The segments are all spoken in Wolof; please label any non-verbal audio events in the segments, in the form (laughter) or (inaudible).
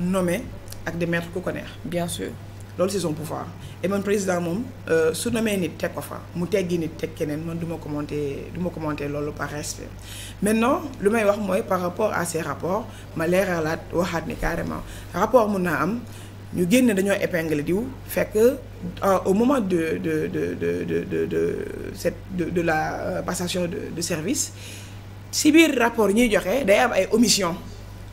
nommer ak di mettre ku ko bien sûr loolu saison son pouvoir et man président moom euh, su nommé nit teg ko fa mu teggi nit teg keneen man duma ma commenter du ma commenter loolu par respect maintenant lu may wax mooy par rapport à ces rapport ma leeralaat waxaat ni carrément rapport mun naa am. ñu génn dañoo épinglé diw fekk euh, au moment de de de de de de de cette de, de la euh, passation de, de service si biir rapport ñuy joxe day am ay omission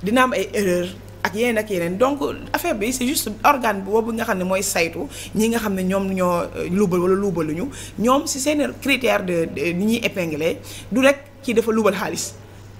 dina am ay erreur ak yeneen ak yeneen donc affaire bi c'est juste organe boobu nga xam ne mooy saytu ñi nga xam ne ñoom ñoo euh, luubal wala luubaluñu ñoom si seen critère de ni ñuy épinglé du rek kii dafa luubal xaalis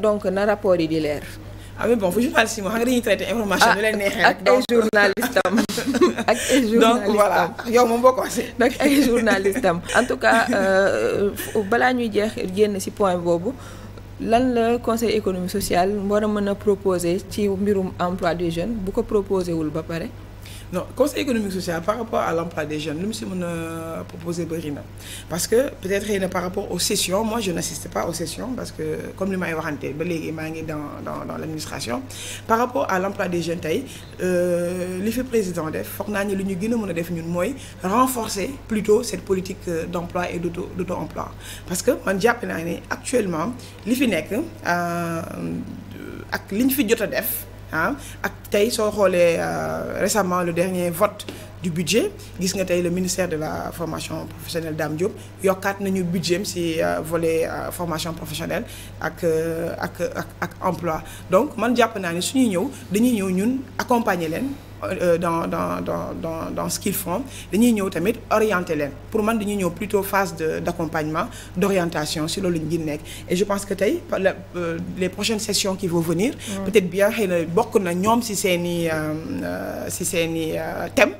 donc na rapport yi di leer. ah bon fu journaliste moom xam nga dañuy traité information. nu ah, leen ak ay journaliste am (laughs) ak ay voilà yow moom boo ko waxee. donc ay journaliste euh, balaa ñuy jeex génn ci point boobu lan la conseil économique social war a mën a proposer ci mbirum emploi des jeunes bu ko proposé wul ba pare. non conseil économique social par rapport à l'emploi des jeunes lu mu si mën a proposer bëri na parce que peut-être na par rapport aux sessions moi je n'assiste pas aux sessions parce que comme li may waxante ba léegi maa ngi dans dans dans l'administration par rapport à l'emploi des jeunes tey euh, li fi président def foog naa ñi lu ñu gën a mën a def ñun mooy renforcer plutôt cette politique euh, d'emploi et d'auto d'auto-emploi parce que man jàpp naa ne actuellement li fi nekk euh, ak li ñu fi jot a def ah ak tey soo xoolee euh, récemment le dernier vote du budget gis nga tey le ministère de la formation professionnelle Dame Diop yokkaat nañu budget ci euh, volet euh, formation professionnelle ak ak ak ak emploi donc man jàpp naa ne suñuy ñëw dañuy ñëw ñun accompagner leen Euh, dans dans dans dans dans ce qu'ils font dañuy ñëw tamit orienter leen pour man dañuy ñëw plutôt phase de d'accompagnement d'orientation si loolu ñu nekk et je pense que tey euh, les prochaines sessions qui vont venir peut-être bien xëy na bokk na ñoom si seeni euh, si seeni thème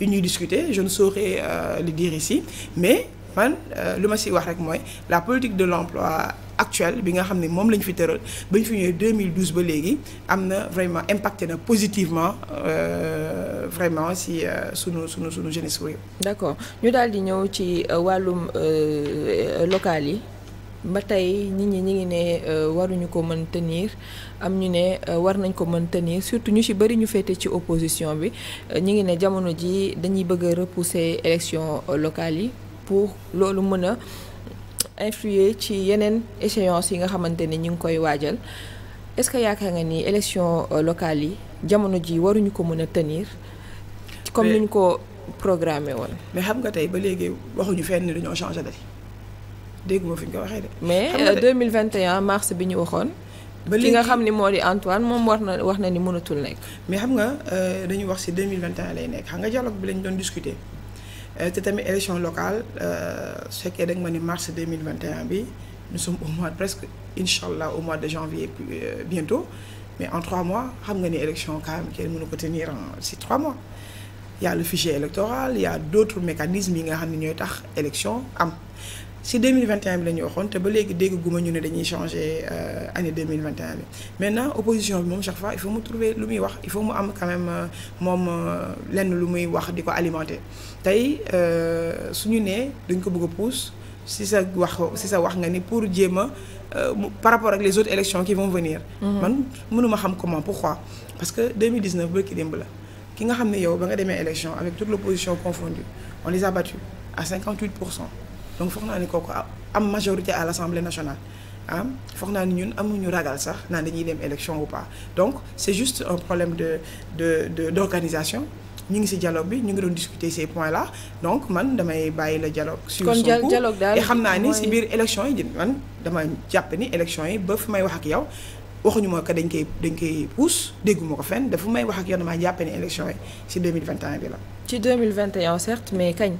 yu ñuy discuter je ne saurais le dire ici mais man lu ma si wax rek mooy la politique de l'emploi actuelle bi nga xam ne moom la ñu fi tëral ba ñu fi ñëwee 2012 ba léegi am na vraiment impacté na positivement euh, vraiment si euh, sunu sunu sunu jeunesse boobu. d'accord ñu daal di ñëw ci euh, wàllum local yi. ba tey nit ñi ñi ngi ne waruñu ko mën tenir am ñu ne war nañ ko mën tenir surtout ñu ci bari ñu féete ci opposition bi ñi ngi ne jamono ji dañuy bëgg a repousser élection locale yi pour loolu mën a influer ci yeneen échéance yi nga xamante ni ñu ngi koy waajal est-ce que yaakaar nga ni élection euh, locale yi jamono ji waruñu ko mën a tenir comme ni ñu ko programmé woon mais xam nga tey ba léegi waxuñu fenn ni dañoo changé date dégg nga fi ñu ko waxee de mais 2021 euh, mars bi ñu waxoon ba léegi ki nga xam ni moo di Antoine moom war na wax na ni mënatul nekk mais xam nga euh, dañu wax si 2021 lay nekk xam nga dialogue bi lañ doon discuter Euh, te tamit élection locale euh, su fekkee da ma ni mars 2021 bi nous sommes au mois presque incha allah au mois de janvier euh, bientôt mais en trois mois xam nga ni élection quand même kenn mënu ko tenir en si trois mois il y a électoral il y a mécanismes yi nga xam ne ñooy tax élection am si vingt 2021 bi la ñu waxoon te ba léegi dégg guma ñu ne dañuy changer euh, année 2021 bi maintenant opposition bi moom chaque fois il faut mu trouver lu muy wax il faut mu am quand même euh, moom euh, lenn lu muy wax di ko alimenter tey suñu nee dañ ko bëgg a pousse si sa wax si sa wax nga ni pour jéem a par rapport ak les autres élections qui vont venir mhm. man mënuma xam comment pourquoi parce que 2019 bërki démb la ki nga xam ne yow ba nga demee élection avec toute l'opposition confondue on les a battus pour cent donc foog naa ni kooku am majorité à l'Assemblée nationale ah foog naa ni ñun amuñu ragal sax naan dañuy dem élection ou pas donc c'est juste un problème de de de d'organisation ñu ngi si dialogue bi ñu ngi doon discuter ces points la donc man damay bàyyi la dialogue sur son cours et xam naa ni si biir élection yi man dama jàpp ni élection yi ba fu may wax ak yow waxuñu ma que dañ koy dañ koy pousse dégguma ko fenn dafa may wax ak yow damaa jàpp ni élection yi bi la. ci 2021 certes mais kañ.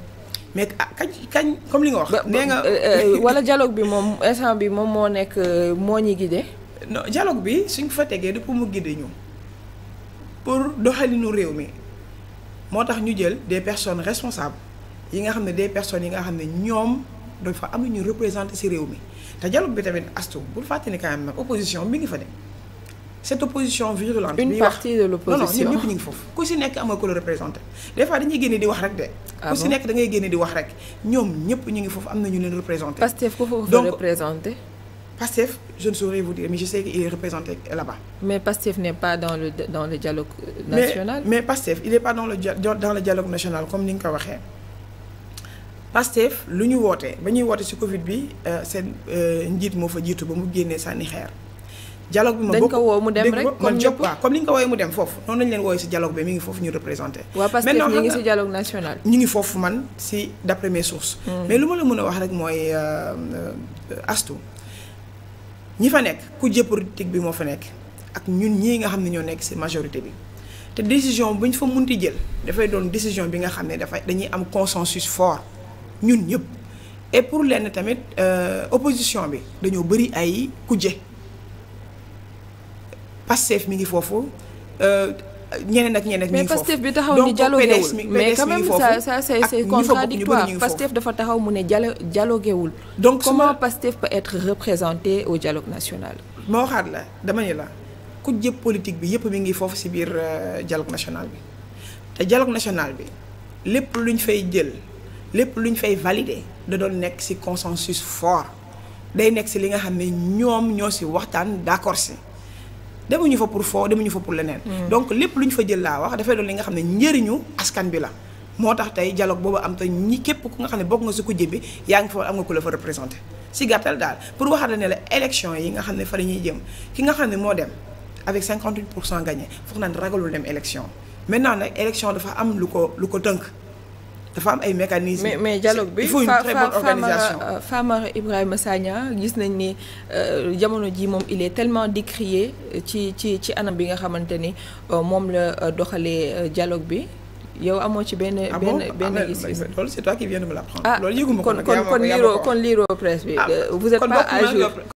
mais ah, kañ kañ comme li nga wax. nee nga euh, euh, wala jaloog bi moom (laughs) instant bi moom moo nekk euh, moo ñi guidé. jaloog bi suñ fa tegee du pour mu giddee ñu pour doxalinu réew mi moo tax ñu jël des personnes responsables yi nga xam ne des personnes yi nga xam ne ñoom dafa am na ñu représenté ci réew mi te dialogue bi tamit astu bul fàtte ni quand même opposition mi ngi fa dem. cette opposition virulente. une partie de l'opposition non ñu ngi foofu ku si nekk am nga ko la représenté des fois dañuy génne di wax rek de. Ah ku si nekk da ngay génne di wax rek ñoom ñëpp ñu ngi foofu am na ñu leen représenté. Pastef ku foofu représenté. Pastef je ne saurais vous dire mais je sais qu'il est représenté mais Pastef n'est pas dans le dans le dialogue national. mais mais Pastef il pas dans le dialogue national comme ni nga ko waxee. Pastef lu ñu woote ba ñuy woote ci Covid bi euh, seen euh, njiit moo fa jiitu ba mu génnee sànni xeer. dialogue bi ma dañ ko woo mu dem rek man jop waaw comme li ñu ko woowee mu dem foofu noonu lañ leen wooyee si dialogue bi mi ngi foofu ñu représenté waaw parce ñu ngi si man si d'après mes sources hmm. lu ma la mën a wax rek mooy euh, euh, astu ñi fa nekk ku jë bi moo fa nekk ak ñun ñii nga xam ne ñoo nekk si majorité bi te décision bu ñu fa mun munti jël dafay doon décision bi nga xam ne dafay dañuy am consensus fort ñun ñëpp et pour lenn tamit euh, opposition bi dañoo bëri ay kujje Pastef mi ngi foofu euh, ñeneen ak ñeneen mi ngi foofu mais Pastef bi taxaw ni dialoguewul mais quand même ça ça c'est c'est contradictoire Pastef dafa taxaw mu ne dialo dialoguewul donc comment Pastef peut être représenté au dialogue national moo waxaat la dama ne la ku jëpp politique bi yëpp mi ngi foofu si biir euh, dialogue national bi te dialogue national bi lépp lu ñu fay jël lépp lu ñu fay valider da doon nekk ci consensus fort day nekk si li nga xam ne ñoom ñoo si waxtaan d ci demuñu fa pour foo demuñu fa pour leneen. Mm. donc lépp lu ñu fa jël laa wax dafay doon li nga xam ne njëriñu askan bi la. moo tax tey dialogue boobu am te ñi képp ku nga xam ne bokk nga si kujje bi yaa ngi fa am nga ku la fa représenté si gàttal daal pour waxaat la ne la élection yi nga xam ne fa la ñuy jëm ki nga xam ne moo dem avec 58 pour cent gagné foog naa ne ragalul dem élection maintenant nag élection dafa am lu ko lu ko tënk. dafa am ay mécanisme mais mais bi il faut une très bonne organisation euh, Ibrahima Sagna gis nañ ni euh, jamono ji moom il est tellement décrié ci ci ci anam bi nga xamante ni euh, moom la doxalee dialogue bi. yow amoo ci benn ah benn benn ah, gis-gis loolu c'est ah, kon kon liiroo kon liiroo presse bi. vous êtes pas à